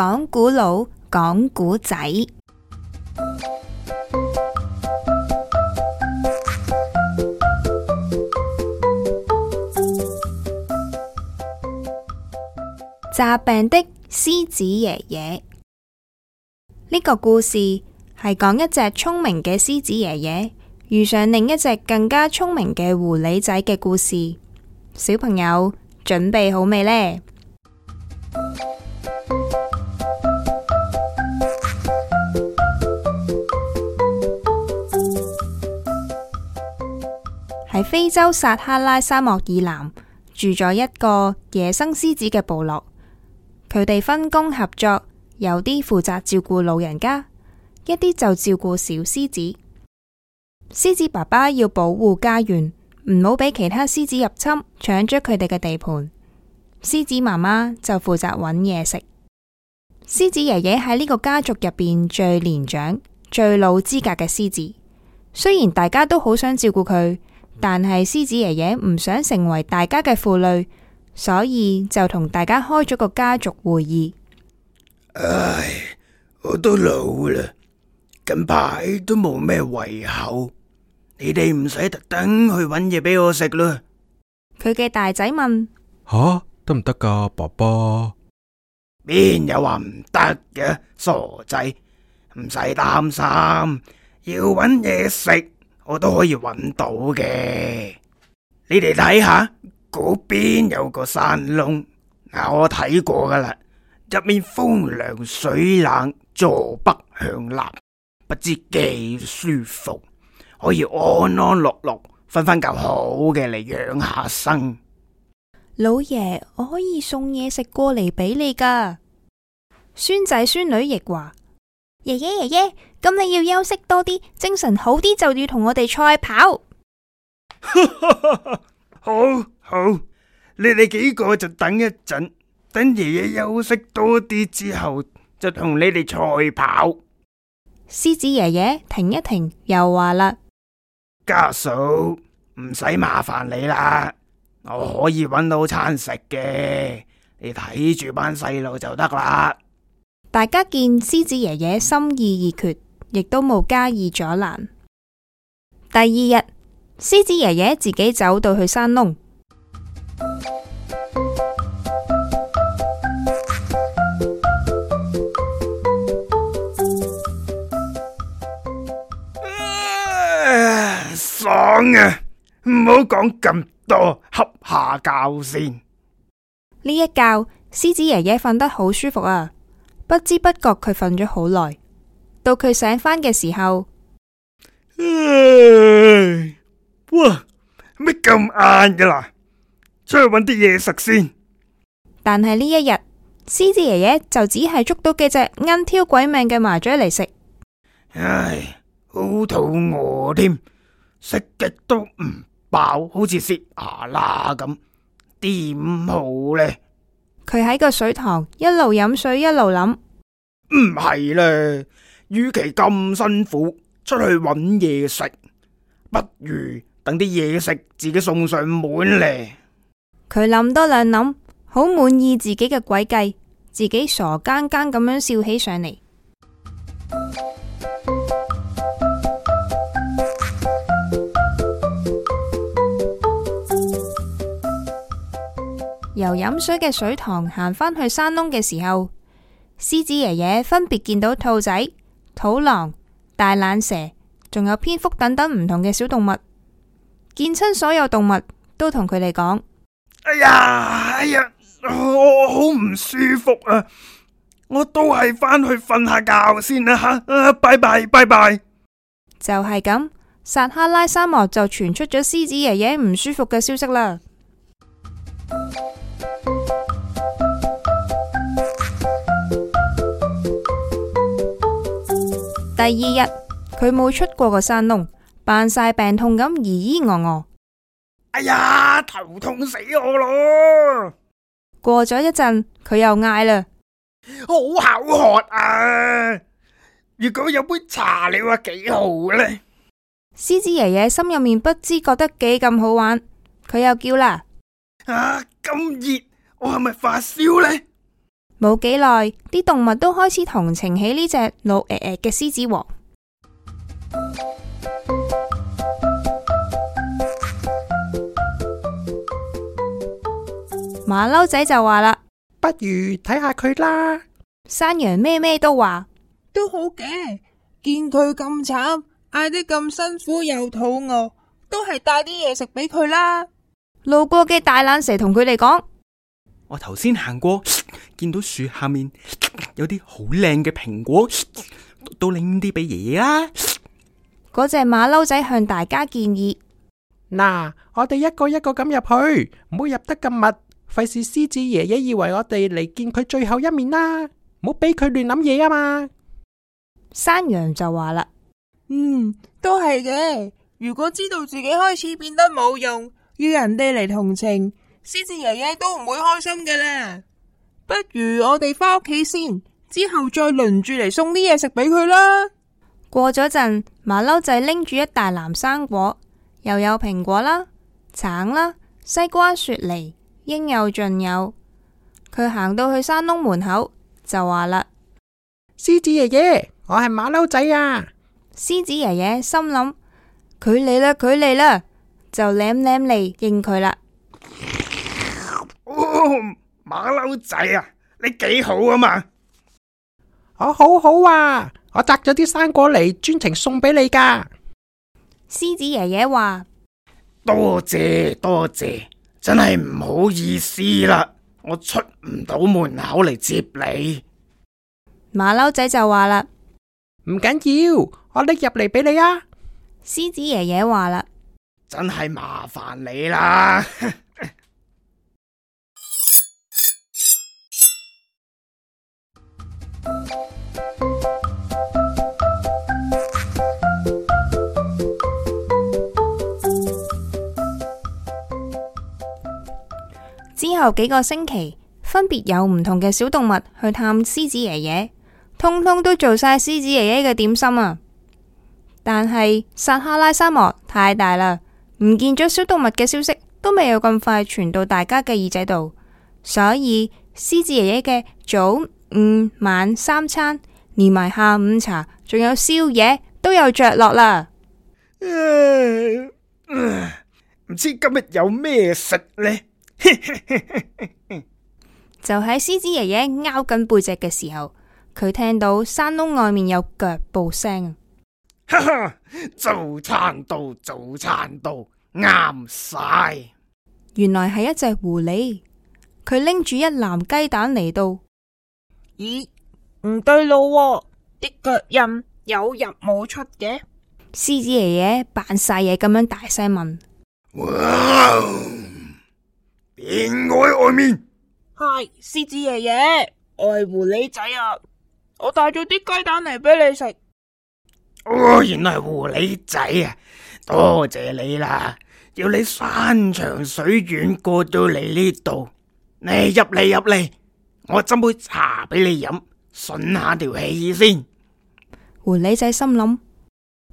講古佬講古仔，詐病的獅子爺爺。呢個故事係講一隻聰明嘅獅子爺爺遇上另一隻更加聰明嘅狐狸仔嘅故事。小朋友準備好未呢？喺非洲撒哈拉沙漠以南住咗一個野生獅子嘅部落，佢哋分工合作，有啲負責照顧老人家，一啲就照顧小獅子。獅子爸爸要保護家園，唔好俾其他獅子入侵搶咗佢哋嘅地盤。獅子媽媽就負責揾嘢食。獅子爺爺喺呢個家族入邊最年長、最老資格嘅獅子，雖然大家都好想照顧佢。但係獅子爺爺唔想成為大家嘅負累，所以就同大家開咗個家族會議。唉，我都老啦，近排都冇咩胃口，你哋唔使特登去揾嘢俾我食啦。佢嘅大仔問：吓？得唔得噶，爸爸？邊有話唔得嘅？傻仔，唔使擔心，要揾嘢食。我都可以揾到嘅，你哋睇下嗰邊有個山窿，嗱、啊、我睇過噶啦，入面風涼水冷，坐北向南，不知幾舒服，可以安安樂樂，瞓返覺好嘅嚟養下生。老爺，我可以送嘢食過嚟俾你噶，孫仔孫女亦話。爺爺爺爺，咁你要休息多啲，精神好啲就要同我哋賽跑。 好，好，你哋幾個就等一陣，等爺爺休息多啲之後，就同你哋賽跑。獅子爺爺停一停又，又話啦：家嫂，唔使麻煩你啦，我可以搵到餐食嘅，你睇住班細路就得啦。大家見獅子爺爺心意已決，亦都冇加以阻攔。第二日，獅子爺爺自己走到去山窿。呃，爽啊！唔好講咁多，恰下覺先。呢一覺，獅子爺爺瞓得好舒服啊！不知不覺佢瞓咗好耐，到佢醒返嘅時候，哇，乜咁晏㗎喇？出去搵啲嘢食先。但係呢一日，獅子爺爺就只係捉到幾隻奀挑鬼命嘅麻雀嚟食。唉，好肚餓添，食極都唔飽，好似食牙啦咁，點好呢？佢喺個水塘一路飲水一路諗，唔係咧，與其咁辛苦出去揾嘢食，不如等啲嘢食自己送上門嚟。佢諗多兩諗，好滿意自己嘅詭計，自己傻更更咁樣笑起上嚟。由飲水嘅水塘行返去山窿嘅時候，獅子爺爺分別見到兔仔、土狼、大懶蛇，仲有蝙蝠等等唔同嘅小動物，見親所有動物都同佢哋講：哎呀，哎呀，我，我好唔舒服啊！我都係返去瞓下覺先啦、啊，吓、啊，拜拜拜拜。就係咁，撒哈拉沙漠就傳出咗獅子爺爺唔舒服嘅消息啦。第二日，佢冇出過個山窿，扮晒病痛咁、呃呃，咦咦哦哦。哎呀，頭痛死我咯！過咗一陣，佢又嗌啦，好口渴啊！如果有杯茶了啊，幾好呢！」獅子爺爺心入面不知覺得幾咁好玩，佢又叫啦，啊咁熱，我係咪發燒呢？」.冇幾耐，啲動物都開始同情起呢隻老誒誒嘅獅子王。馬騮仔就話啦：不如睇下佢啦。山羊咩咩都話：都好嘅，見佢咁慘，嗌得咁辛苦又肚餓，都係帶啲嘢食俾佢啦。路過嘅大懶蛇同佢哋講：我頭先行過。見到樹下面有啲好靚嘅蘋果，都拎啲俾爺爺啦。嗰隻馬騮仔向大家建議：嗱，我哋一個一個咁入去，唔好入得咁密，費事獅子爺爺以為我哋嚟見佢最後一面啦，唔好俾佢亂諗嘢啊嘛。山羊就話啦：嗯，都係嘅。如果知道自己開始變得冇用，要人哋嚟同情，獅子爺爺都唔會開心嘅啦。不如我哋返屋企先，之後再輪住嚟，送啲嘢食俾佢啦。過咗陣，馬騮仔拎住一大籃生果，又有蘋果啦、橙啦、西瓜、雪梨，應有盡有。佢行到去山窿門口，就話啦：獅子爺爺，我係馬騮仔啊！獅子爺爺心諗：佢嚟啦，佢嚟啦，就舐舐嚟應佢啦。馬騮仔啊，你幾好啊嘛？我好好啊，我摘咗啲生果嚟專程送俾你噶。獅子爺爺話：多謝多謝，真係唔好意思啦，我出唔到門口嚟接你。馬騮仔就話啦：唔緊要，我拎入嚟俾你啊。獅子爺爺話啦：真係麻煩你啦。 之後幾個星期，分別有唔同嘅小動物去探獅子爺爺，通通都做晒獅子爺爺嘅點心啊！但係撒哈拉沙漠太大啦，唔見咗小動物嘅消息都未有咁快傳到大家嘅耳仔度，所以獅子爺爺嘅早、午、晚三餐，連埋下午茶，仲有宵夜，都有着落啦。啊啊、唔知今日有咩食呢？就喺獅子爺爺拗緊背脊嘅時候，佢聽到山窿外面有腳步聲啊！哈哈，早餐到，早餐到，啱晒。原來係一隻狐狸，佢拎住一籃雞蛋嚟到。咦，唔對路，啲腳印有入冇出嘅？獅子爺爺扮晒嘢咁樣大聲問。係獅子爺爺，我係狐狸仔啊！我帶咗啲雞蛋嚟俾你食。哦，原來係狐狸仔啊，多謝你啦！要你山長水遠過到嚟呢度，你入嚟入嚟，我斟杯茶俾你飲，順下條氣先。狐狸仔心諗：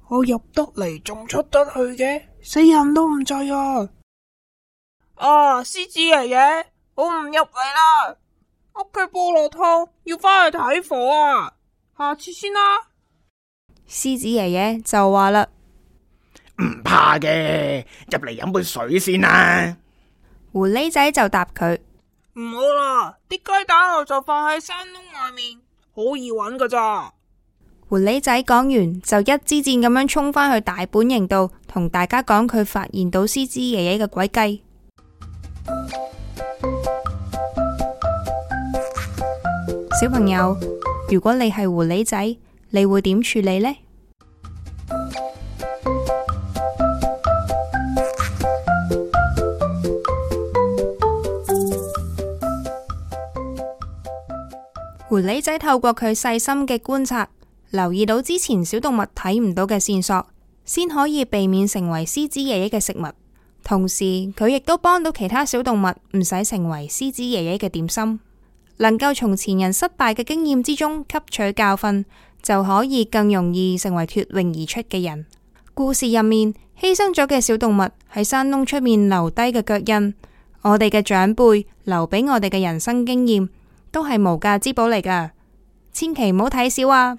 我入得嚟，仲出得去嘅？死人都唔制啊！啊，獅子爺爺。我唔入嚟啦，屋企菠蘿湯，要返去睇火啊！下次先啦。獅子爺爺就話啦，唔怕嘅，入嚟飲杯水先啦。狐狸仔就答佢，唔好啦，啲雞蛋我就放喺山窿外面，好易搵噶咋。狐狸仔講完就一支箭咁樣衝返去大本營度，同大家講佢發現到獅子爺爺嘅詭計。小朋友，如果你係狐狸仔，你會點處理呢？狐狸仔透過佢細心嘅觀察，留意到之前小動物睇唔到嘅線索，先可以避免成為獅子爺爺嘅食物。同時，佢亦都幫到其他小動物唔使成為獅子爺爺嘅點心。能夠從前人失敗嘅經驗之中吸取教訓，就可以更容易成為脫穎而出嘅人。故事入面犧牲咗嘅小動物喺山窿出面留低嘅腳印，我哋嘅長輩留畀我哋嘅人生經驗，都係無價之寶嚟㗎，千祈唔好睇小啊！